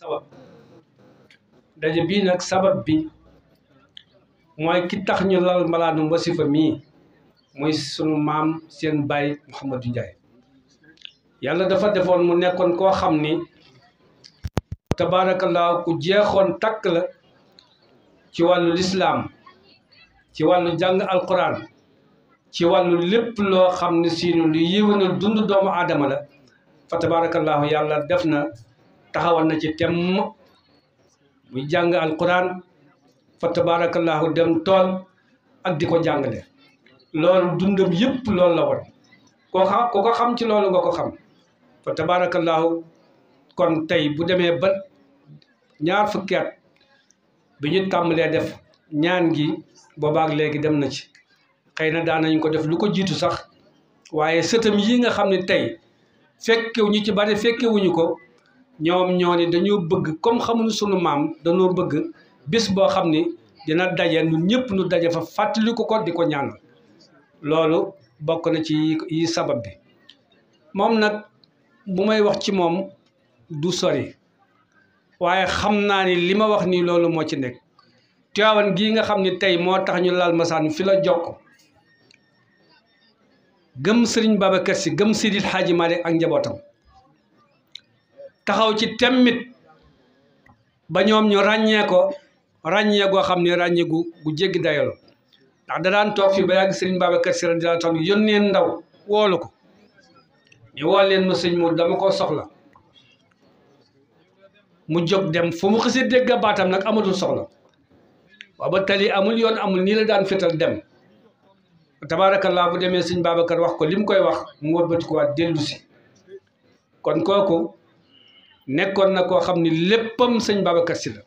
sabab dajé bi nak sabab bi moy ki tax ñu lal malaanum wasifa mi moy sunu mam sen bay Mouhamadou ndjay yalla dafa defoon mu nekkon ko xamni tabarakallah ku jeexon tak la ci walu l'islam ci walu jang alquran ci walu lepp lo xamni sinu li lu dund doomu adama la fa tabarakallah yalla defna taxawal na ci temm muy jàng alquran fa tabarakallahu dem tool ak di ko jàngale loolu dundam yépp loolu la woon koo xam ko ko xam ci loolu nga ko xam fa tabarakallahu kon tey bu demee ba ñaar fukki at bi ñu tàmbalee def ñaan gi boobaak léegi dem na ci xëy na daan nañ ko def lu ko jiitu sax waaye sëtam yi nga xam ne tey fekkew ci bari fekkewuñu ko ñoom ñoo ne dañoo bëgg comme xamuñu sunu maam dañoo bëgg bés boo xam ni dina daje ñun ñëpp ñu daje fa fàttali ko ko di ko ñaanal loolu bokk na ci yi sabab bi moom nag bu may wax ci moom du sori waaye xam naa ni li ma wax nii loolu moo ci nekk Tiwaawan gii nga xam ni tey moo tax ñu laal masaan fi la jokk gëm Sëriñ Babacar Si gëm Sidil Xaaji Maalik ak njabootam taxaw ci temmit ba ñoom ñu ràññee ko goo xam ne ràññeeku gu gu jéggi dayalo ndax da daan toog fi ba yàgg Serigne Babacar Sy radiyallahu taala yónnee ndaw woolu ko ñu woo leen ma sëñ Mour dama koo soxla mu jog dem fu mu xasee dégg baatam nag amatul soxla waaw ba tali amul yoon amul nii la daan fetal dem tabaarakallaa bu demee sëñ Babacar wax ko li koy wax mu wëlbati ko waat dellu kon kooku. nekkoon na koo xam ni léppam sëñ Babacar Sy la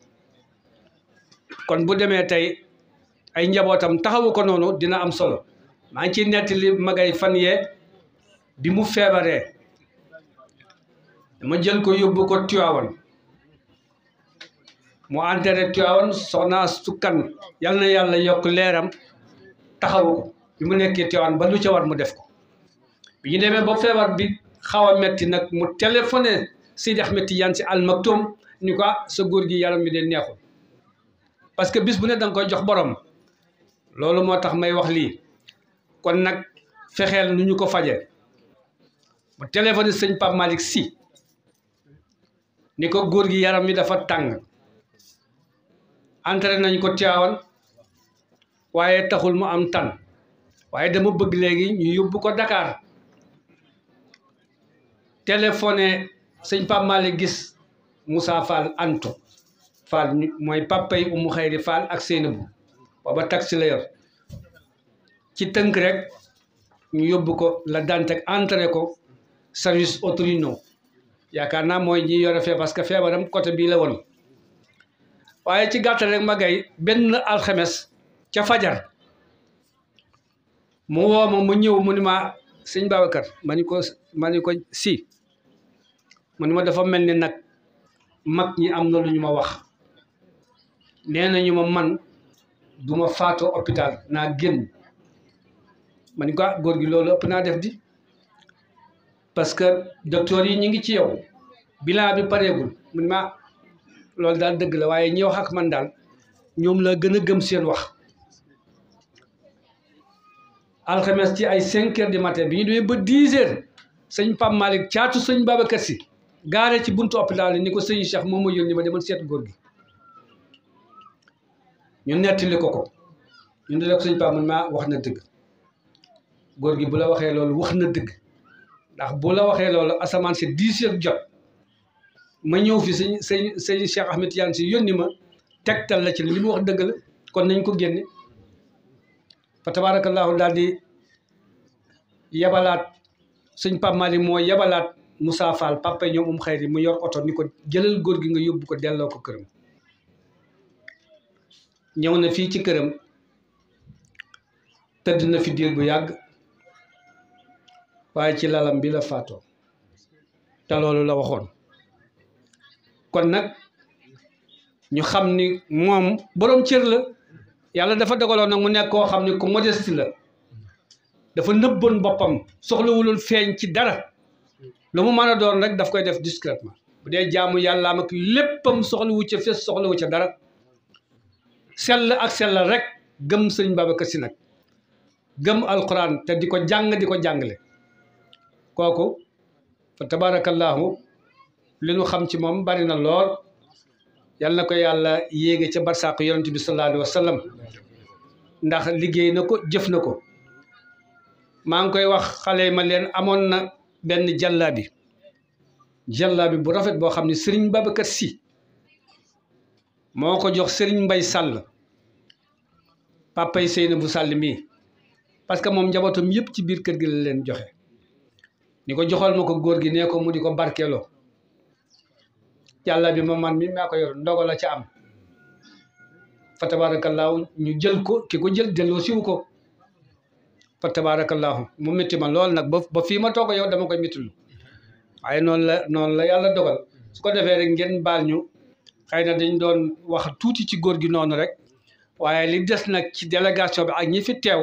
kon bu demee tey ay njabootam taxawu ko noonu dina am solo maa ngi ciy nettali magay fan yee bi mu feebaree ma jël ko yóbbu ko Tiwaawan mu enterré Tiwaawan soxna sukkan yal na yàlla yokk leeram taxawu ko bi mu nekkee Tiwaawan ba lu war mu def ko bi ñu demee ba feebar bi xaw metti nag mu téléphoné Sidi Ahmed Tidiane si Al Maktoum ni ko ah, sa góor gi yaram mi de neexul parce que bis bu ne dang koy jox borom loolu motax may wax li kon nak fexel nu ñu ko faje bu téléphoné seigne pap malik si ni ko góor gi yaram mi dafa tang entré nañ ko tiawal waye taxul mu am tan waye dama bëgg léegi ñu yobbu ko Dakar sëñ Pape la gis Moussa Fall Anto Fall mooy papay umu xayri Fall ak Seynabou booba taxi la yor ci tënk rek ñu yóbbu ko la Dantec entré ko service autorino yaakaar naa mooy ñi yore fee parce que feebaram côté bii la woon waaye ci gàttal rek ma gay benn alxemes ca fajar mu woo ma mu ñëw mu ni ma sëñ Babacar ma ni ko ma ni ko si mu ma dafa mel ni nag mag ñi am na lu ñu ma wax nee nañu ma man du ma faatoo hôpital naa génn ma ni ko ah, góor gi loolu ëpp naa def di parce que docteur yi ñu ngi ci yow bilaa bi pareegul mu ne ma loolu daal dëgg la waaye ñi wax ak man daal ñoom laa gën a gëm seen wax alxames ci ay cinq heures matin bi ñu demee ba dix heures sëñ Pape Malick caatu sëñ Babacar Si gaare ci buntu hôpital yi ni ko sëñ Cheikh moom ma yónni ma demoon seet góor gi ñu nettali ko ko ñu ne sëñ Pape man maa wax na dëgg góor gi bu la waxee loolu wax na dëgg ndax bu la waxee loolu asamaan si dix heures jot ma ñëw fi sëñ sëñ sëñ Cheikh Ahmed Tidiane si yónni ma tegtal la ci li wax dëgg la kon nañ ko génne fa tabaarakallaahu daal di yabalaat sëñ Pape yi moo yabalaat. Moussa Fall papa ñoom um xayri mu yor oto ni ko jëlal góor gi nga yóbbu ko delloo ko këram ñëw na fii ci këram tëdd na fi diir bu yàgg waaye ci lalam bi la faatoo te loolu la waxoon kon nag ñu xam ni moom boroom cër la yàlla dafa dogaloon nag mu nekk koo xam ni ku modeste la dafa nëbboon boppam soxlawuloon feeñ ci dara lu mu mën a doon rek daf koy def discrètement bu dee jaamu yàllaam ak léppam soxla wu ca fes soxla wu ca dara sell ak sellal rek gëm sëñ Babacar Sy nag gëm alquran te di ko jàng di ko jàngale kooku fa tabaarakallaahu li nu xam ci moom bari na lool yal na ko yàlla yéege ca barsaako yonent bi sallallaahu alayhi ndax liggéey na ko jëf na ko maa ngi koy wax xale ma leen amoon na benn jàllaabi jàllaabi bu rafet boo xam ne sëriñ Babacar si moo ko jox sëriñ Mbay Sàll papay Seyna bu Sàll mi parce que moom njabootam yëpp ci biir kër gi la leen joxe ni ko joxal ma ko góor gi nee ko mu di ko barkeeloo jàllaabi ma man mi maa ko yor ndogo la ca am fa tabaarakallaahu ñu jël ko ki ko jël delloo siwu ko fa tabaarakallaahu mu métti ma lool nag ba ba fii ma toog yow dama koy méttilu waaye noonu la noonu la yàlla dogal su ko defee rek ngeen baal ñu xëy na dañ doon wax tuuti ci góor gi noonu rek waaye li des nag ci délégation bi ak ñi fi teew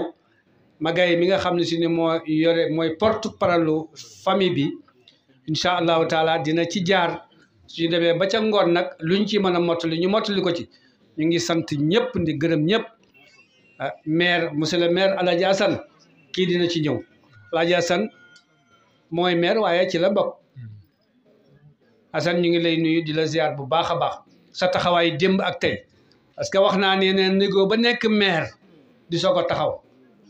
magay mi nga xam ne si ni moo yore mooy porte paralu famille bi incha allahu taala dina ci jaar suñu demee ba ca ngoon nag luñ ci mën a mottali ñu mottali ko ci ñu ngi sant ñëpp ndi gërëm ñëpp ah, maire monsieur le maire Alaaji Asan kii dina ci ñëw laaj Assane mooy maire waaye ci la bokk Assane ñu ngi lay nuyu di la ziar bu baax a baax sa taxawaay démb ak tey parce que wax naa ne ne négo ba nekk maire di soog a taxaw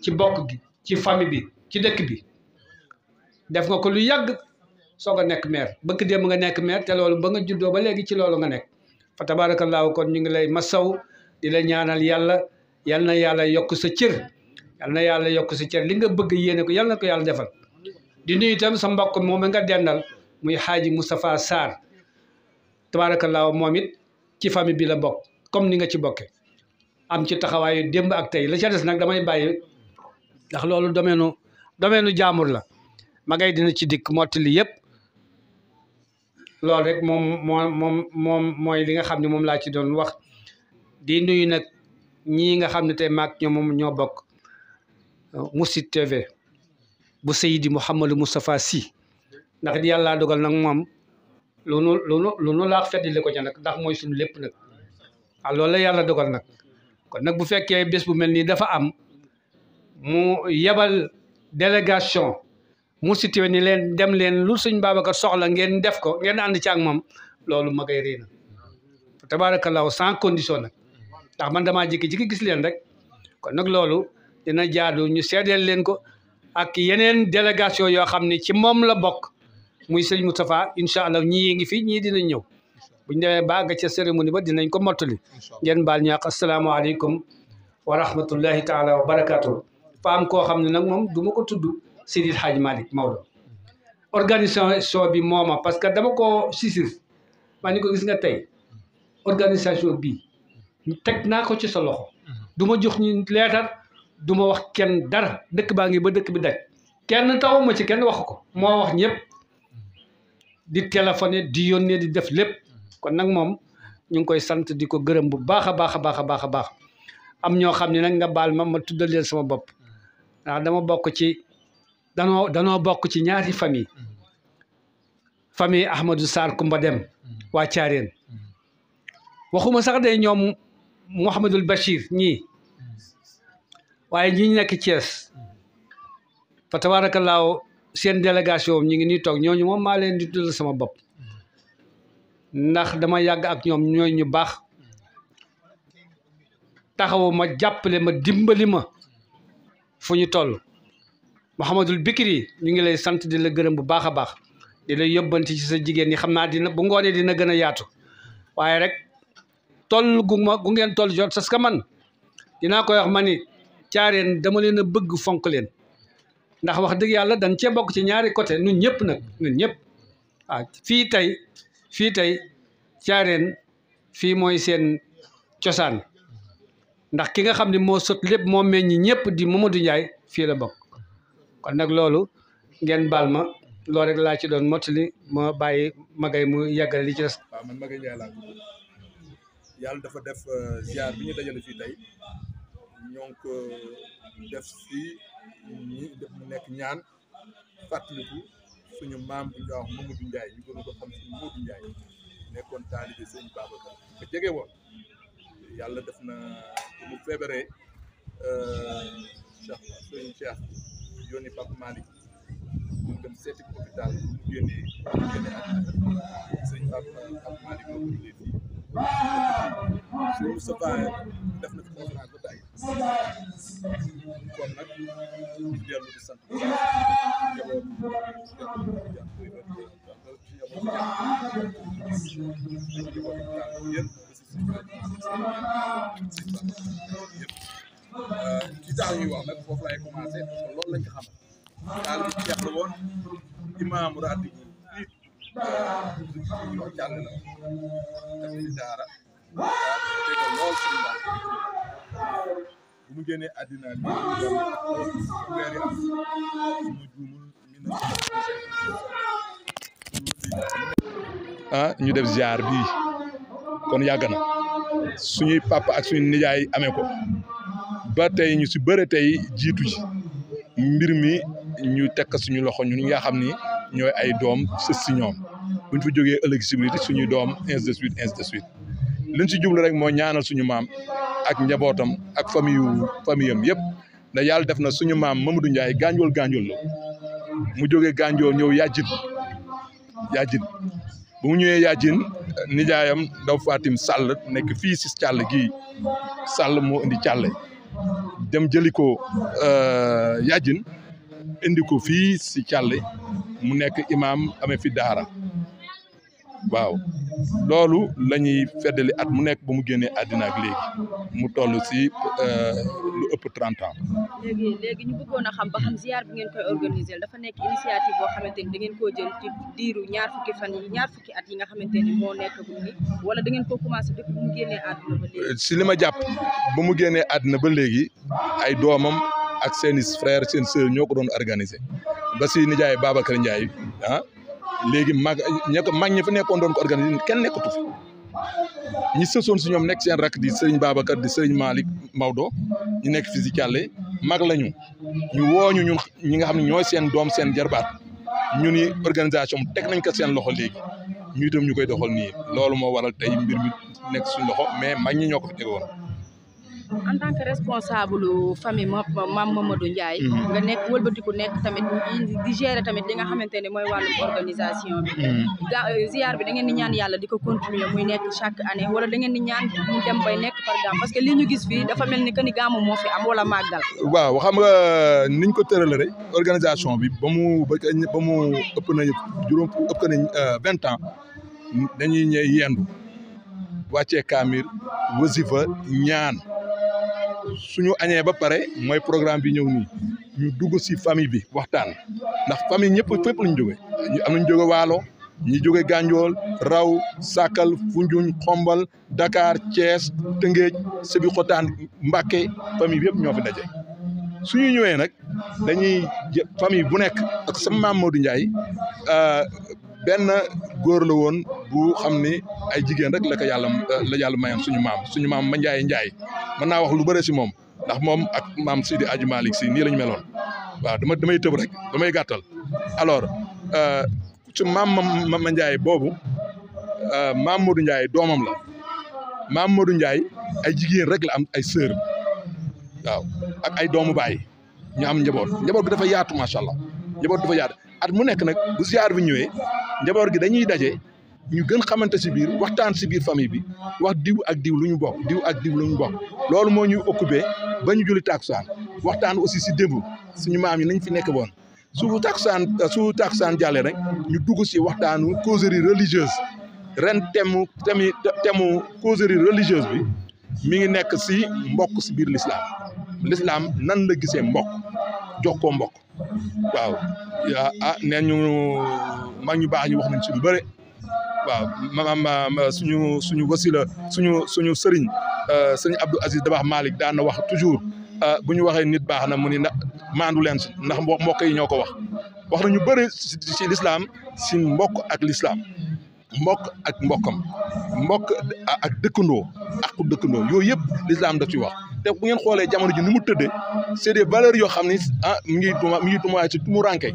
ci bokk gi ci famille bi ci dëkk bi def nga ko lu yàgg soog a nekk maire bëgg démb nga nekk maire te loolu ba nga juddoo ba léegi ci loolu nga nekk fa tabaarakallaahu kon ñu ngi lay masaw di la ñaanal yàlla yal na yàlla yokk sa cër yal na yàlla yokk si cër li nga bëgg yéene ko yal ko yàlla defal di nuyu tam sa mbokk moom nga dendal muy xaaji Moustapha Sarr tabaarakallaahu moom it ci famille bi la bokk comme ni nga ci bokke am ci taxawaayu démb ak tey la ca des nag damay bàyyi ndax loolu domaine nu nu jaamur la ma yi dina ci dikk mottali yëpp loolu rek moom moom moom mooy li nga xam ne moom laa ci doon wax di nuyu nag ñii nga xam ne tey maag ñoom ñoo bokk musi TV bu Seydi Mustafa Si ndax di yàlla dogal nak mom lunu lunu lunu la lu nu laax feddili ko ca nag ndax moy sun lepp nak a ah, loolu Yalla dogal nak kon nak bu fekke bes bu melni dafa am mu yabal délégation musi TV ni len dem len lu suñ Babacar soxla ngeen def ko ngeen and ci ak mom lolou ma koy réy na sans condition nak ndax man dama jékki gis len rek kon nak lolou na jaadu ñu seedeel leen ko ak yeneen délégation yoo xam ne ci moom la bokk muy sëñ Moustapha incha allah ñii ngi fi ñii dina ñëw buñ demee ba nga ca cérémonie ba dinañ ko mottali ngeen baal ñu àq asalaamaaleykum wa rahmatullahi taala wa barakaatu fa koo xam ne nag moom duma ma ko tudd Seydi Hadj Malick Maodo organisation bi mooma parce que dama ko sisir maa ni ko gis nga tey organisation bi teg naa ko ci sa loxo mhm. du ma leetar du ma wax kenn dara dëkk baa ngi ba dëkk bi daj kenn tawuma ci kenn wax ko moo wax ñëpp di téléphoné di yónnee di def lépp kon nag moom ñu ngi koy sant di ko gërëm bu baax a baax a baax a baax a baax am ñoo xam ni nag nga baal ma ma tuddal leen sama bopp ndax dama bokk ci danoo danoo bokk ci ñaari famille famille Ahmadou Sarr Kumba Dem waa Caareen waxuma sax de ñoom Mouhamadul Bachir ñii waaye ñi ñu nekk Thiès fa tabaarakallaahu seen délégation ñu ngi nii toog ñooñu moom maa leen di tuddal sama bopp ndax dama yàgg ak ñoom ñooy ñu baax taxawu ma jàppale ma dimbali ma fu ñu toll Mouhamadul Bikri ñu ngi lay sant di la gërëm bu baax a baax di la yóbbanti ci sa jigéen ñi xam naa dina bu ngoonee dina gën a yaatu waaye rek toll gu ma ngeen tol jot parce que man dinaa koy wax ma caareen dama leen a bëgg fonk leen ndax wax dëgg yàlla dañ cee bokk ci ñaari côté nu ñëpp nag ñun ñëpp ah, fii tey fii tey caareen fii mooy seen cosaan ndax ki nga xam ne moo sot lépp moo meññ ñëpp di Mamadou njaay fii la bokk kon nag loolu ngeen baal ma loolu rek laa ci doon mottali ma bàyyi magay mu yàggale li ci des. waaw man yàlla dafa def euh, ziar bi ñu dajale fii tey ñoo ngi ko def si ñi def mu nekk ñaan fàttaliku suñu maam bu ñu wax Mamadou Ndiaye ñu gën ko xam si Modou Ndiaye nekkoon taalibe sëñ Babacar nga jege woon yàlla def na mu feebaree euh, Cheikh sëñ Cheikh yónni Pape Malick mu dem seeti hôpital mu génnee mu génne suñu Moustapha def na fi conférence ba tey kon nag ñu dellu di sant bu baax jaboot ci daal ñuy wax nag foofu laay commencé parce que loolu lañ ko xam daal di jeex la woon imaamu raadi xam ah, mu génnee àddina bi ñu def ziar bi kon yàgg na suñuy papa ak suñu nijaay amee ko ba tey ñu si bëre tey jiitu ji mbir mi ñu tekk suñu loxo ñun nga ni ñooy ay doom sës si ñoom buñ fa jógee ëllëg si biir suñuy doom ainsi de suite ainsi de suite liñ si jublu rek moo ñaanal suñu maam ak njabootam ak famille yu yëpp da yàlla def na suñu maam Mamadou Ndiaye gànjool gànjool la mu jógee gànjool ñëw yàjjin yàjjin bu mu ñëwee yàjjin nijaayam daw Fatim nekk fii si càll gi Sall mu indi càll dem jëli ko euh, yàjjin indi ko fii si càll mu nekk imaam amee fi daara waaw loolu lañuy ñuy at mu nekk ba mu génnee àddina ak léegi mu toll si euh, lu ëpp trente ans. léegi léegi ñu bëggoon a xam ba xam ziar bi ngeen koy organiser dafa nekk initiative boo xamante ni jël diiru ñaar fukki fan ñaar fukki at yi nga xamante moo nekk bu ni wala da ngeen ko commencé depuis mu génnee àddina ba léegi. si jàpp ba mu génnee àddina ba léegi ay doomam. ak seen i frère seen sœur ñoo ko doon organisé ba si nijaay Babacar Ndiaye ah léegi mag ña ko mag ñi fa nekkoon doon ko organisé kenn nekkatu fi ñi sësoon si ñoom nekk seen rakk di Serigne Babacar di Serigne Malick Maodo ñu nekk fi si Thialé mag lañu ñu wooñu ñun ñi nga xam ne ñooy seen doom seen jarbaat ñu ni organisation teg nañ ko seen loxo léegi ñu itam ñu koy doxal nii loolu moo waral tey mbir mi nekk si loxo mais mag ñi ñoo ko fi tegoon en tant que responsable famille mam Mamadou Ndiaye mm. nga nekk wëlbatiku nekk tamit di gérer tamit li nga xamante ne mooy organisation bi mm. euh, ziar bi da ngeen ni ñaan yàlla di ko continuer muy nekk chaque année wala da ngeen ni ñaan mu dem bay nekk par exemple parce que li ñu gis fii dafa mel ni que ni gàmmu moo fi am wala magal waaw xam nga euh, niñ ko tërale rek organisation bi ba mu ba mu ëpp na juróom ëpp nañ euh, vingt ans dañuy ñëw yendu wacce kaamir wasifa ñaan suñu añee ba pare mooy programme bi ñëw nii ñu dugg si famille bi waxtaan ndax famille ñëpp fépp lañ jóge ñu am nañ jóge waalo ñu jóge Gànjool raw Sakal Foundiougne Xombal Dakar Thiès Tëngéej Sébikotane Mbacké famille bi yëpp ñoo fi daje su ñu ñëwee nag dañuy famille bu nekk ak sa maam Ndiaye euh, benn góor la woon bu xam ni ay jigéen rek la ko yàlla la yàlla mayoon suñu maam suñu maam ma Njaay Njaay mën naa wax lu bëre si moom ndax moom ak maam di aju Malick si nii lañ ñu meloon waaw dama damay tëb rek damay gàttal alors su euh, maam ma ma Njaay boobu euh, maam Modou Njaay doomam la maam Modou Njaay ay jigéen rek la am ay sœur waaw ak ay doomu baay ñu am njaboot njaboot bi dafa yaatu macha allah njaboot dafa yaatu at mu nekk nag bu ziar bi ñëwee njaboot gi dañuy daje ñu gën xamante si biir waxtaan si biir famille bi wax diw ak diw lu ñu bokk diw ak diw luñ ñu bokk loolu moo ñuy occupé ba ñu julli tàkkusaan waxtaan aussi si démb suñu maam yi nañ fi nekk woon su tàkkusaan su tàkkusaan jàllee rek ñu dugg si waxtaanu causerie religieuse ren thème thème thème causerie religieuse bi mi ngi nekk si mbokk si biir l'islam l'islam nan la gisee mbok jox ko mbokk waaw a ah, nee ñu mag ñu baax ñu wax nañ ci lu bëre waaw ma ma suñu suñu wasila suñu suñu sëriñ euh, sëriñ Abdou Aziz Dabax Malick daan wax toujours euh, bu ñu waxee nit baax na mu ni na maandu leen si ndax mbokk yi ñoo ko wax wax ñu bëri si lislaam si mbokk ak lislaam mbokk ak mbokkam mbokk ak dëkkandoo ak dëkkandoo yooyu yëpp lislaam daf ci wax te bu ngeen xoolee jamono ji ni mu tëddee c'est des valeurs yoo xam ni ah mi ngi tuma mi ngi tumaay ci tumuranke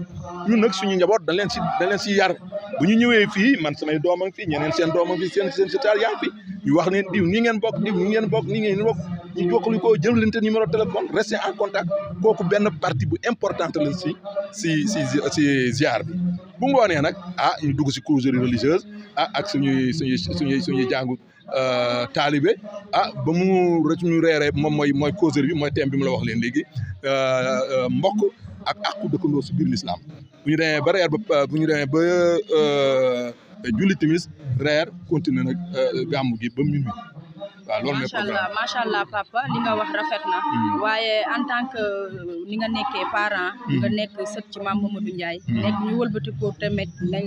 ñun nag suñu njaboot dañ leen si dañ leen si yar bu ñu ñëwee fii man samay doomam fii ñeneen seen doomam fii seen seen si taal fi ñu wax leen diw ñi ngeen bokk diw ñi ngeen bokk ñi ngeen bokk ñu jokkali ko jëlante numéro téléphone rester en contact kooku benn parti bu importante lañ si si si si ziar bi bu ngoonee nag ah ñu dugg si causerie religieuse ah ak suñuy suñuy suñuy suñuy jàngu euh, taalibe ah ba mu rëcc ñu reeree moom mooy mooy causerie bi mooy teem bi mu la wax leen léegi euh, euh, mbokk ak àqu dëkkandoo si biir l'islam bu ñu demee ba reer ba bu ñu demee ba julli timis reer continuer nag euh, gàmmu gi ba minuit waaw loolu mooy programme macha allah papa li nga wax rafet hmm. waaye en tant que euh, ni nga nekkee parent. Hmm. nga nekk sët ci maam Mamadou Ndiaye. Hmm. nekk ñu wëlbati ko tamit na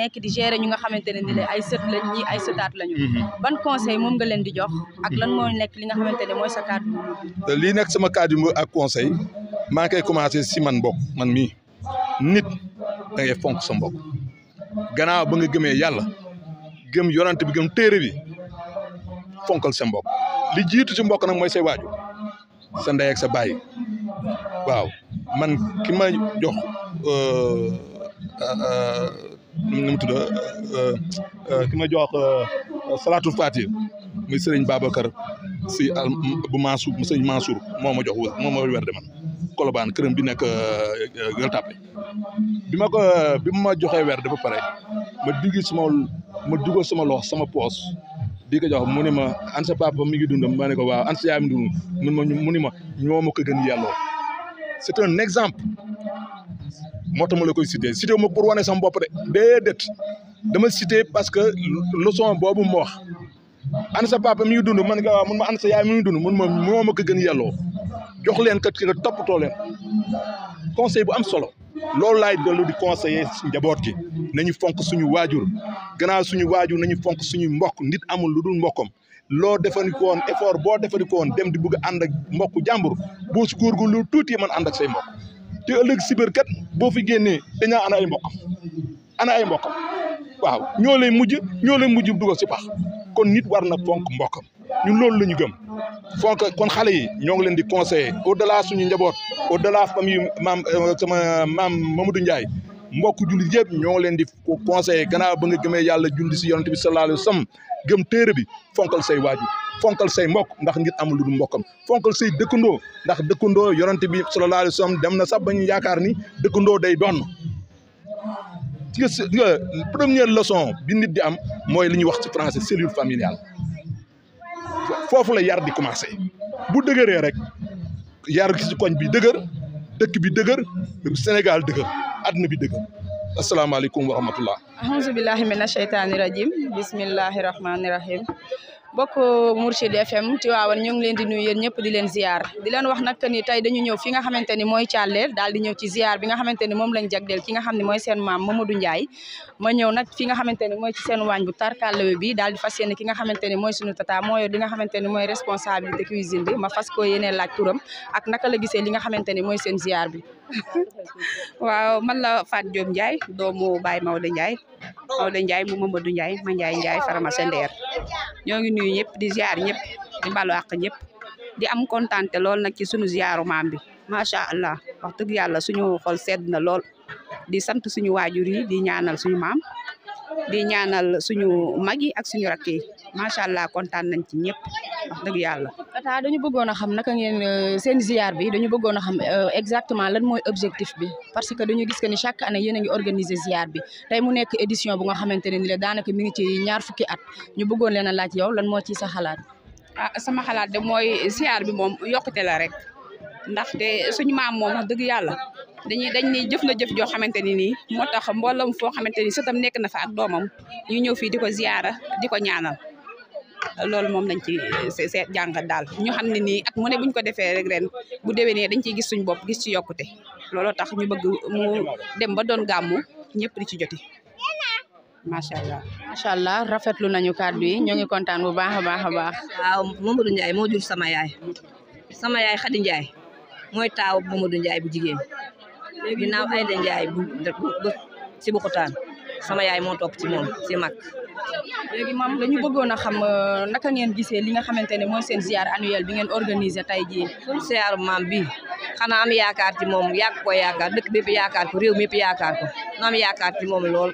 nekk di gérer ñu nga xamante ne ni ay sët lañ ay sëtaat lañu. ban conseil moom nga leen di jox. ak lan moo nekk li nga xamante ne sa kàddu. lii nekk sama kàddu ak conseil maa ngi koy commencé si man mbokk man mii nit da fonk sa mbokk. ganaw ba nga gëmé yalla gëm yonante bi gëm téré bi fonkal sa mbokk li jitu ci mbokk nak moy say waju sa nday ak sa baye waw man ki ma jox euh, euh, euh, nu mu tudd ki ma jox salaatul fatir muy serigne babakar si al bu Mansour serigne Mansour moma ma jox moma ma de man Colobane kërëm bi nekk eh, eh, Gueule Tapée bi ma ko bi ma joxee weer dafa pare ma duggi sama ma dugal sama lox sama poos di ko jox mu ne ma an sa papa mi ngi dund ma ne ko waaw an sa yaay mi dund mun ma mu ne ma ñoo ma ko gën yàlloo c'est un exemple moo ma la koy cité cité ma pour wane sama bopp de déedéet dama cité parce que leçon boobu ma wax an papa mi ngi dund man nga waaw mun ma an sa yaay mi ngi dund mun ma moo ko gën yàlloo jox leen kat ki nga toppatoo leen conseil bu am solo loolu laay dollu di conseiller njaboot gi nañu fonk suñu waajur gannaaw suñu waajur nañu fonk suñu mbokk nit amul lu dul mbokkam loo defandikoo woon effort boo defandikoo woon dem di bëgg a ànd ak mbokku jàmbur boo si góorgóorlu lu tuuti mën ànd ak say mbokk te ëllëg sibér kat boo fi génnee dañaa ana ay mbokkam ana ay mbokkam waaw ñoo lay mujj ñoo lay mujj dugal si pax kon nit war na fonk mbokkam ñun loolu la ñu gëm fonk kon xale yi ñoo ngi leen di conseiller au delà suñu njaboot au delà famille maam euh, sama maam Mamadou mbokk jullit yëpp ñoo ngi leen di conseiller gannaaw ba nga gëmee yàlla julli si yonent bi sallallahu alayhi wa sallam gëm téere bi fonkal say waajur fonkal say mbokk ndax ngir amul lu mbokkam fonkal say dëkkandoo ndax dëkkandoo yonent bi sallallahu alayhi wa dem na sax ba ñu yaakaar ni dëkkandoo day doon. ci première leçon bi nit di am mooy li ñuy wax ci français cellule familiale. foofu la yar di commencé bu dëgëre rek yar ci koñ bi dëgër dëkk bi dëgër Sénégal dëgër àdduna bi dëgër asalaamaaleykum wa rahmatullah ahousubillahi mina sheytaani rajim bismillahi rahmaani rahim mbokk Mourchid FM Tivaouane ñu ngi leen di nuyu yéen ñëpp di leen ziar di leen wax nag ni tey dañu ñëw fi nga xamante ni mooy càlleel daal di ñëw ci ziar bi nga xamante ni moom lañ jagleel ki nga xam ne mooy seen maam Mamadou Ndiaye ma ñëw nag fi nga xamante ni mooy ci seen waañ bu tarkallawe bi daal di fas yéene ki nga xamante ni mooy sunu tata mooy li nga xamante ni mooy responsabilité cuisine bi ma fas ko yéene laaj turam ak naka la gisee li nga xamante ni mooy seen ziar bi waaw man la Fat Diop Ndiaye doomu Baye Maodo Ndiaye Maodo Ndiaye mu Mamadou Ndiaye ma njaay Ndiaye njaay sendeer ñoo ngi nuyu ñëpp di ziar ñëpp di balu àq ñëpp di am kontante lool nag ci suñu ziaru maam bi macha allah wax dëgg yàlla suñu xol sedd na lool di sant suñu waajur yi di ñaanal suñu maam di ñaanal suñu mag yi ak suñu rakk yi macha allah kontaan nañ ci ñëpp wax dëgg yàlla. tata dañu bëggoon a xam naka ngeen euh, seen ziar bi dañu bëggoon a xam euh, exactement lan mooy objectif bi parce que dañu gis que ni année yéen a ngi organiser ziar bi tey mu nekk édition bu nga xamante ne ni la daanaka mi ngi ci ñaar fukki at ñu bëggoon leen a laaj yow lan moo ci sa xalaat. a ah, sama xalaat de mooy ziar bi moom yokkute la rek ndaxte suñu maam moom wax dëgg yàlla. dañuy dañ ni jëf na jëf joo xamante ni nii moo tax mboolam foo xamante ni sëtam nekk na fa ak doomam ñu ñëw fii di ko ziyaara di ko ñaanal loolu moom nañ ci seet jàngat daal ñu xam ne nii ak mu ne buñ ko defee rek ren bu déwénee dañ ciy gis suñ bopp gis ci yokkute looloo tax ñu bëgg mu dem ba doon gàmmu ñëpp di ci joti macha allah. macha allah rafetlu nañu kàddu yi ñoo ngi kontaan bu baax a baax a baax. waaw Mamadou Ndiaye moo jur sama yaay sama yaay Khady Ndiaye mooy taaw Mamadou Ndiaye bu jigéen. ginnaaw Aida Ndiaye bu bu si Bukutaan sama yaay moo topp ci moom si mag. léegi maam dañu bëggoon a xam euh, naka ngeen gisee li nga xamante ne mooy seen ziar annuel bi ngeen organisé tey jii. suñu maam bi xanaa am yaakaar ci moom yàgg ko yaakaar dëkk bépp yaakaar ko réew mépp yaakaar ko na am yaakaar ci moom lool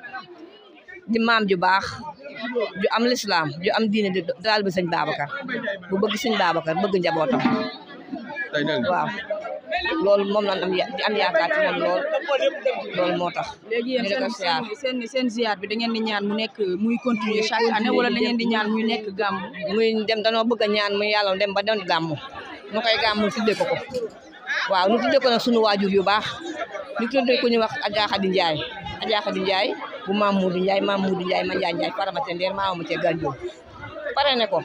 di maam ju baax ju am lislaam ju am diine di daal bi sëñ Babacar bu bëgg sëñ Babacar bëgg njabootam waaw loolu moom lañ am di am yaakaar ci moom lool loolu moo tax. léegi yéen seen i seen ziar bi da ngeen di ñaan mu nekk muy continuer chaque année wala da ngeen di ñaan muy nekk gàmm. muy dem danoo bëgg a ñaan mu yàlla dem ba doon gàmm nu koy gàmm tuddee ko ko waaw nu tuddee ko sunu waajur yu baax ñu tuddee ko ñu wax Adja Khady Ndiaye Adja Khady Ndiaye bu Mamoudou Ndiaye di Ndiaye ma Ndiaye Ndiaye farama ma ndeer maa ma cee gàncax pare ne ko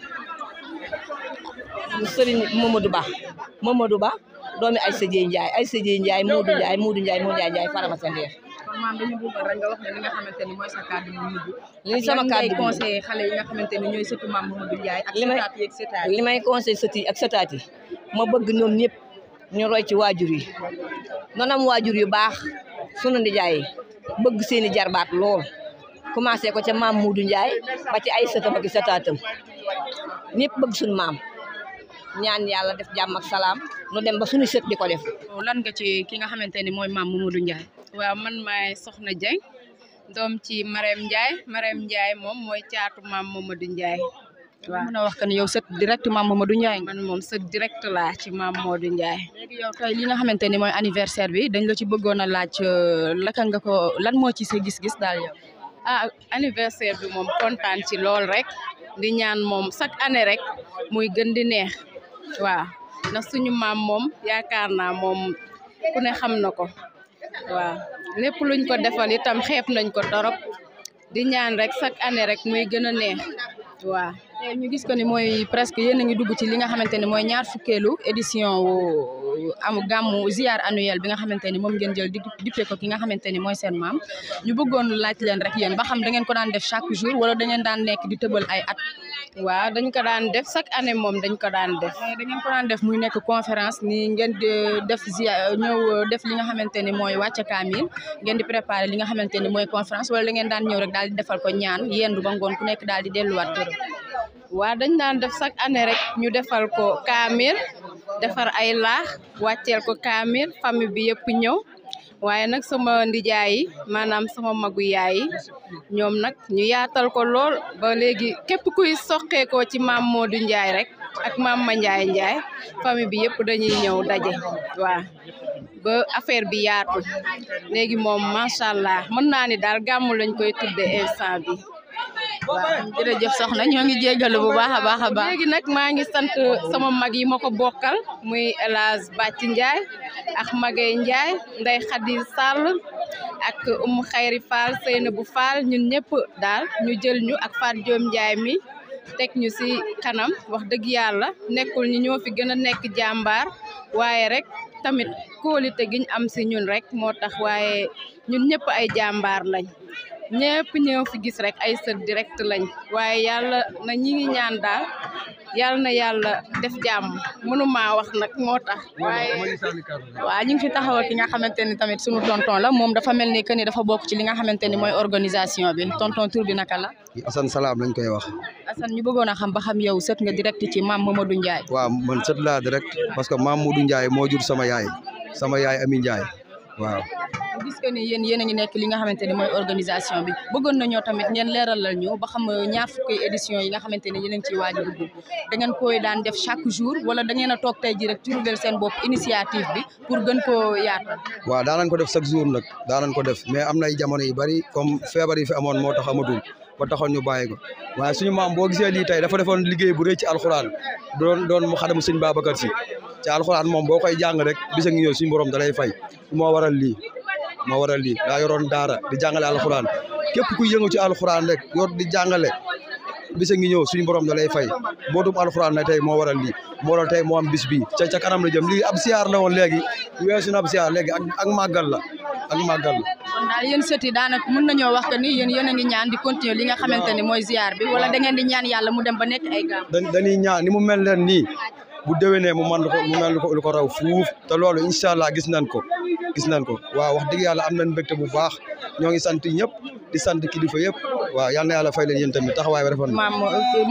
Serigne Mamadou Ba Mamadou Ba. doomi ay sa Dieng Ndiaye ay sa Dieng Ndiaye Moodu Ndiaye Moodu Ndiaye moo Ndiaye Ndiaye faramasa ndeer maam dañu bëggoon rek nga li ni sa kàddu sama kàddu conseillé xale yi nga xamante ni ñooy sëtu maam Mamadou Ndiaye ak sëtaat yi ak sëtaat yi li may conseillé sët yi ak sëtaat yi ma bëgg ñoom ñëpp ñu roy ci waajur yi nanam waajur yu baax sunu nijaay yi bëgg seeni jarbaat lool commencé ko ca maam Moodu Ndiaye ba ci ay sëtam ak sëtaatam ñëpp bëgg suñu maam ñaan yalla def jamm ak salam, nu dem ba suñu sët diko def. lan nga ci ki nga xamanteni moy mam Mamadou ndjay wa man may Soxna Dieng dom ci marem ndjay marem ndjay mom moy tiatu mam Mamadou ndjay wa mëna wax kan yow sët direct mam Mamadou ndjay man mom sët direct la ci mam Mamadou ndjay léegi yow tay li nga xamanteni moy anniversaire bi dañ la ci bëggona laacc euh, laka nga ko lan mo ci sa gis-gis dal yow. ah anniversaire bi mom contane ci lool rek di ñaan mom chaque année rek muy gën di neex. waaw ndax suñu maam moom yaakaar naa moom ku ne xam na ko waaw lépp luñ ko defal itam xeeb nañ ko torop di ñaan rek chaque année rek muy gën a neex waaw ñu gis ko ni mooy presque yéen a ngi dugg ci li nga xamante ne mooy ñaar fukkeelu édition wu am gamu ziar annuel bi nga xamanteni mom ngeen jël di ko ki nga xamanteni moy sen mam ñu bëggoon laaj leen rek yeen ba xam da ngeen ko daan def chaque jour wala da ngeen daan nekk di teubal ay at wa dañ ko daan def chaque année mom dañ ko daan def da ngeen ko daan def muy nekk conférence ni ngeen euh, def ziar euh, euh, def li nga xamanteni moy wacce kamil ngeen di préparer li nga xamanteni moy conférence wala da ngeen daan ñew rek daal di defal ko ñaan yendu ba ngoon ku nekk daal di delu wat wa dañ daan def chaque année rek ñu defal ko kamil defar ay laax waccel ko kamil fami bi yëpp ñew waye nak sama ndijaay manam maanaam sama magu yaay ñom nak ñu yaatal ko lol ba legi kep kuy ko ci mam Modou ndjay rek ak mam Ma ndjay ndjay fami bi yëpp dañuy ñew dajé wa ba affaire bi yaatu legi mom machallah mën na ni dal gamu lañ koy tuddé instant bi jërëjëf soxna ñoo ngi jégalu bu baaxa baaxa baax légui nak ma ngi sant sama mag yi mako ko bokkal muy El bati Bàcci ak Magay Ndiaye Ndey khadir Sall ak um khairi Fall Seynabou Fall ñun ñepp daal ñu jël ñu ak Faat Joom Ndiaye mi tek ñu ci kanam wax deug yalla nekkul ñu ñoo fi gëna nekk jambar waye rek tamit kóolite giñ am ci ñun rek motax waye ñun ñepp ay jambar lañ ñëpp ñëw fi gis rek ay sër direct lañ waaye yàlla na ñi ngi ñaan daal yàlla na yàlla def jàmm mënuma wax nag moo tax waaye waaw ñu fi taxawal ki nga xamante ni tamit sunu tonton la moom dafa mel ni que ni dafa bokk ci li nga xamante ni mooy organisation bi tonton tur bi naka la Assane Salam lañ koy wax Assane ñu bëggoon a xam ba xam yow sët nga direct ci maam Mamadou jaay waaw man sët laa direct parce que maam Mamadou Ndiaye moo jur sama yaay sama yaay Ami Ndiaye waaw gis ni yéen yéen a ngi nekk li nga xamante ne mooy organisation bi bëggoon nañoo tamit leeral leeralal ñu ba xam euh, ñaar fukki édition yi nga xamante ne yéen a ngi ciy waaj a dugg koy daan def chaque jour wala da ngeen a toog tey ji rek turubel seen bopp initiative bi pour gën koo yaatal waaw daanañ ko def chaque jour nag daanañ ko def mais am na ay jamono yu bari comme feebar yi fi amoon moo tax amatul ba taxoon ñu bàyyi ko waaye suñu maam boo gisee lii tey dafa defoon liggéey bu rëy ci alxuraan doon doon mu xadamu sëñ Babacar si ci alxuraan moom boo koy jàng rek bisa ngi ñëw suñu borom da lay fay moo waral lii moo waral lii daa daara di jàngale alxuraan képp kuy yëngu ci alxuraan rek yor di jàngale bisa ngi ñëw suñu borom da lay fay mbootum alxuraan na tey moo waral lii moo waral tey moo am bis bii ca ca kanam la jëm lii ab siyaar la woon léegi weesu na ab siyaar léegi ak ak màggal la ak màggal la kon daal yéen sët yi daanaka mën nañoo wax que ni yéen yéen a ñaan di continuer li nga xamante ni ziar bi wala da ngeen di ñaan yàlla mu dem ba nekk ay gaam dañuy ñaan ni mu mel leen nii bu déwénee mu man ko mu mel lu ko raw fuuf te loolu incha allah gis nañ ko gis nañ ko waaw wax dëgg yàlla am nañ mbégte bu baax ñoo ngi sant ñëpp di sant kilifa yëpp waaw yal na yàlla fay leen yéen tamit taxawaay bi rafet na maam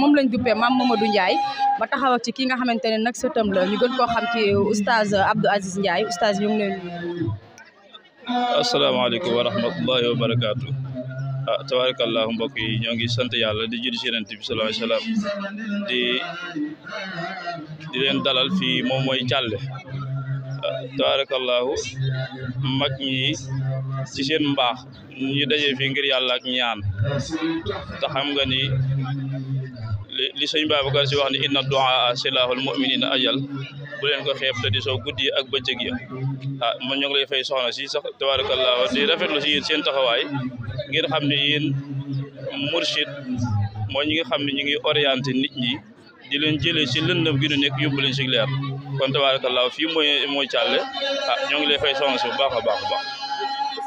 moom lañ duppee maam Mamadou Ndiaye ba taxaw ci ki nga xamante ne nag la ñu gën koo xam ci oustaz Abdou Aziz Ndiaye oustaz ñu ngi assalamualaikum warahmatullahi wabarakatuh ah, tawarakallah mbok yi ñoo ngi yalla di jiddi ci yenenbi sallallahu alayhi wasallam di di len dalal fi mom moy jalle ah, tawarakallah mag ñi ci seen mbax ñu dajé fi ngir yalla ak ñaan ta xam nga ni li seigne babacar ci wax ni inna du'a silahul mu'minina ajal bu leen ko xeeb te soo guddi ak bëccëg ya ah man ñoo ngi lay fay soxna si sax tabarakallah di rafetlu si seen taxawaay ngir xam ne yéen murshid mooy ñi nga xam ne ñu ngi orienté nit ñi di leen jëlee si lëndëm gi ñu nekk yóbbu leen si leer kon tabarakallah fii mooy mooy càlle ah ñoo ngi lay fay soxna si bu baax a baax a baax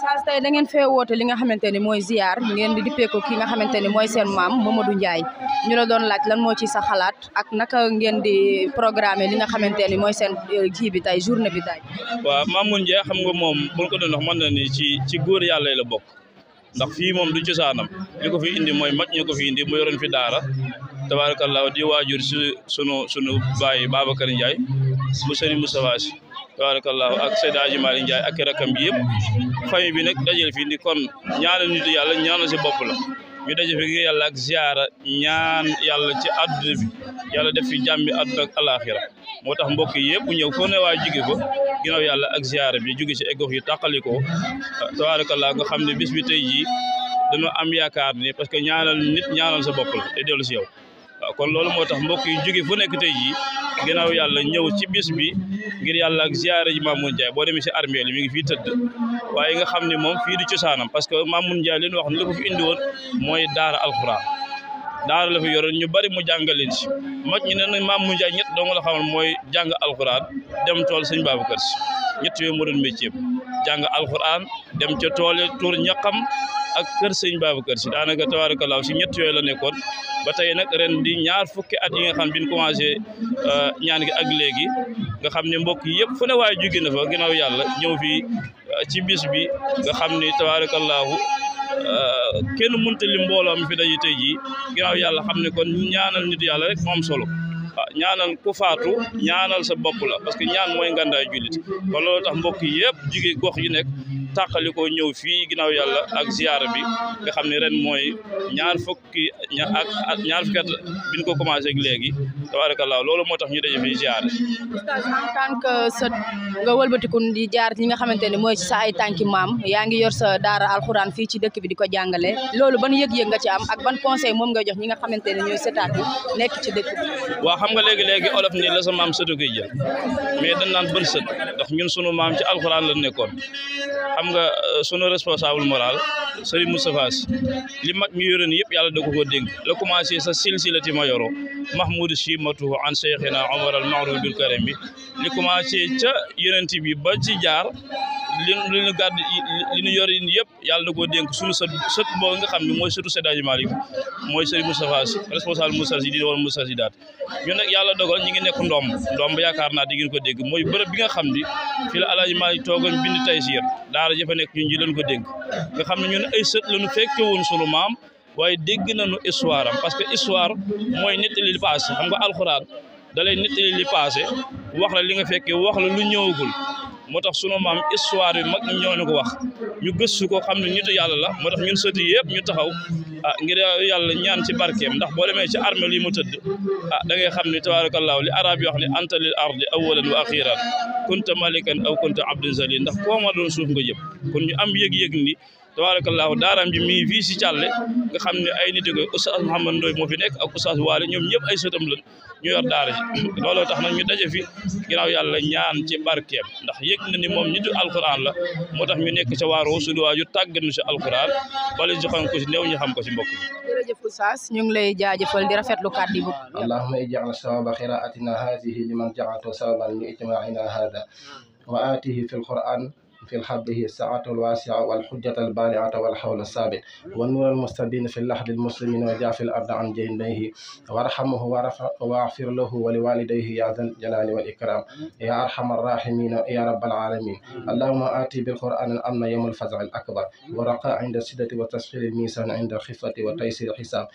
Oustaz tey da ngeen fee woote li nga xamante ne mooy ziar ngeen di dippeeku ki nga xamante ne mooy seen maam Mamadou Ndiaye ñu la doon laaj lan moo ci sa xalaat ak naka ngeen di programmer li nga xamante ni mooy seen eh, kii bi tey journée bi tey. waaw Mamadou Ndiaye xam nga moom bu ko doon wax mën na ni ci ci góor yàlla la bokk ndax fii moom du cosaanam li ko fi indi mooy mag ñu ko fi indi mu yoroon fi daara tabaarakallaahu di waajur si sunu sunu baay Babacar Ndiaye mu sëriñ Moustapha Sy tabarakallahu ak Seydi Aji Malick Ndiaye ak rakam bi yëpp famille bi nag dajel fii ni kon ñaanal nit yàlla ñaanal si bopp la ñu daje fi ngir yàlla ak ziyaara ñaan yàlla ci àdduna bi def fi jàmmi àdduna ak alaaxira moo tax mbokk yëpp ñëw foo ne waa jóge fa ginnaaw yàlla ak ziyaara bi jóge ci eggox yi tàqalikoo tabarakallah nga xam ne bis bi tey jii dañoo am yaakaar ni parce que ñaanal nit ñaanal sa bopp la te dellu si yow waaw kon loolu moo tax mbokk yi jóge fu nekk tey jii ginnaaw yàlla ñëw ci bis bi ngir yàlla ak yi ji Mamoune Ndiaye boo demee si armeel mi ngi fii tëdd waaye nga xam ne moom fii di cosaanam parce que Mamoune Ndiaye leen wax ne li fi indi woon mooy daara alxuraan daara la fi yoroon ñu bari mu jàngaleen si mag ñi ne maam mu Njaay ñett dong la xamal mooy jàng alxuraan dem tool sëñ Babacar Si ñett yooyu moo doon métier jàng alxuraan dem ca tool yi tuur ak kër sëñ Babacar Si daanaka tabaarakallaaw si ñett yooyu la nekkoon ba tey nag reen di ñaar fukki at yi xam bi ñu commencé euh, ñaan ki ak léegi nga xam ne mbokk yëpp fu ne waaye jóge na fa ginnaaw yàlla ñëw fii euh, ci bis bi nga xam ne tabaarakallaahu Euh, kenn mënta lim mbooloo mi fi daje tey jii ginnaaw yàlla xam ne kon ñaanal nit yàlla rek moo am solo waaw ah, ñaanal ku faatu ñaanal sa bopp la parce que ñaan mooy ngandaay jullit kon loolu tax mbokk yëpp jigéen gox yi tàqali ko ñëw fii ginnaaw yàlla ak ziar bi nga xam ne ren mooy ñaar fukki ak ak ñaar fukki at bi ñu ko commencé ak léegi tabaarakallaa loolu moo tax ñu daje fii ziar. oustaz en nga wëlbatiku di jaar ñi nga xamante ne mooy sa ay tànki maam yaa ngi yor sa daara alxuraan fii ci dëkk bi di ko jàngale loolu ban yëg-yëg nga ci am ak ban conseil moom nga jox ñi nga xamante ne ñooy setaat yi nekk ci dëkk bi. waaw xam nga léegi léegi olof ni la sa maam sëtu koy jël mais dañ naan sunu maam ci alxuraan la xam nga euh, sunu responsable moral Serigne Moustapha Sy li mag mi yore ni yëpp yàlla da ko ko dénk la commencé sa silsilati ma yoro mahmoud si matuhu an cheikhina omar al mahruf bil karim bi li commencé ca yonent bi ba ci jaar li li ñu gàdd li ñu yor yi yëpp yàlla da koo dénk suñu sët sët boobu nga xam ne mooy sëtu Seydi Hadji Malick mooy Serigne Moustapha Sy responsable Moustapha Sy di woon Moustapha Sy daat ñun nag yàlla dogal ñi ngi nekk ndomb ndomb yaakaar naa di ngeen ko dégg mooy bërëb bi nga xam ne fi la Alaaji Malick toogoon bind tay si yëpp daara jëfe nekk ñun ji leen ko dénk nga xam ne ñun ay sët lañu fekke woon sunu maam waaye dégg nañu histoire am parce que histoire mooy nettali li passé xam nga alxuraan da lay nettali li wax la li nga fekkee wax la lu ñëwagul motax sunu mam histoire yu mag ñoo ñu ko wax ñu gëssu ko xamni ñittu yàlla la motax ñun sëti yëpp ñu taxaw ah ngir yàlla ñaan ci barkeem ndax bo démé ci armée li mu tëdd ah da ngay xamni ne li arab yu wax ni anta lil ard awwalan wa akhiran kunta malikan aw kunta abdan zalil ndax ko ma doon suuf nga yépp kon ñu am yëg-yëg ni tabaarakallaahu daaraam ji mi ngi fii si Thialé nga xam ne ay nit ko oustaz Mouhamed Ndoye moo fi nekk ak oustaz Waly ñoom ñëpp ay sëtam lañ ñu yor daara ji looloo tax nag ñu daje fi ginnaaw yàlla ñaan ci barkeem ndax yëg na ni moom nitu alquran la moo tax ñu nekk ca waaroo suñu waaju tàggat ñu si alquran bala ñu xam ko si néew ñu xam ko si mbokk mi. jërëjëf oustaz ñu ngi lay jaajëfal di rafetlu kàddu yi. allahumma ij'al sawaba qira'atina hadhihi liman ja'altu sawaban li ijtima'ina hada wa atihi fil quran في الحد هي الساعة الواسعة والحجة البالعة والحول السابق والنور المستبين في اللحد المسلمين وجاء في الأرض عن جنبيه وارحمه واغفر له ولوالديه يا ذا الجلال والإكرام يا أرحم الراحمين يا رب العالمين اللهم آتي بالقرآن الأمن يوم الفزع الأكبر ورقاء عند السدة وتسخير الميسان عند الخفة وتيسير الحساب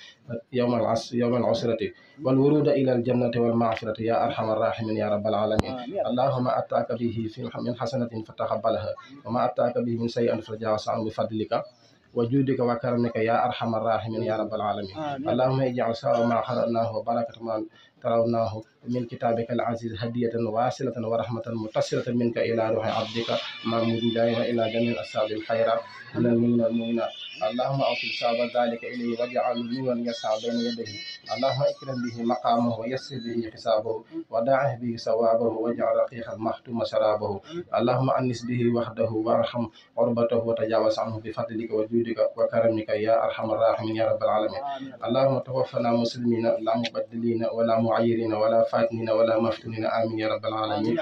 يوم يوم العسرة والورود إلى الجنة والمعصرة يا أرحم الراحمين يا رب العالمين اللهم أتاك به من حسنة فتقبلها وما أتاك به من سيئة فرجاوز عنه بفضلك وجودك وكرمك يا أرحم الراحمين يا رب العالمين اللهم اجعل سوى ما قرأناه وبركة ما ترونه من كتابك العزيز هدية واصلة ورحمة متصلة منك إلى روح عبدك ما دائما إلى جميع أصحاب الخيرات من المؤمنين اللهم أوصل صواب ذلك إليه واجعل نورا يسعى بين يديه اللهم اكرم به مقامه ويسر به حسابه وداعه به ثوابه واجعل رقيق المختوم شرابه اللهم أنس به وحده وارحم قربته وتجاوز عنه بفضلك وجودك وكرمك يا أرحم الراحمين يا رب العالمين اللهم توفنا مسلمين لا مبدلين ولا معيرين ولا فاتنين ولا مفتونين آمين يا رب العالمين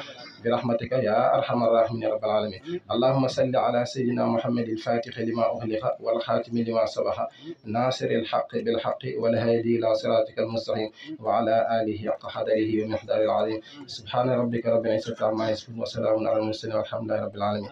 برحمتك يا أرحم الراحمين يا رب العالمين اللهم صل على سيدنا محمد الفاتح لما أغلق والحاتم لما سبح ناصر الحق بالحق والهادي إلى صراطك المستقيم وعلى آله حق قدره ومقداره العظيم سبحان ربك رب العزة عما يصفون وسلام على المرسلين والحمد لله رب العالمين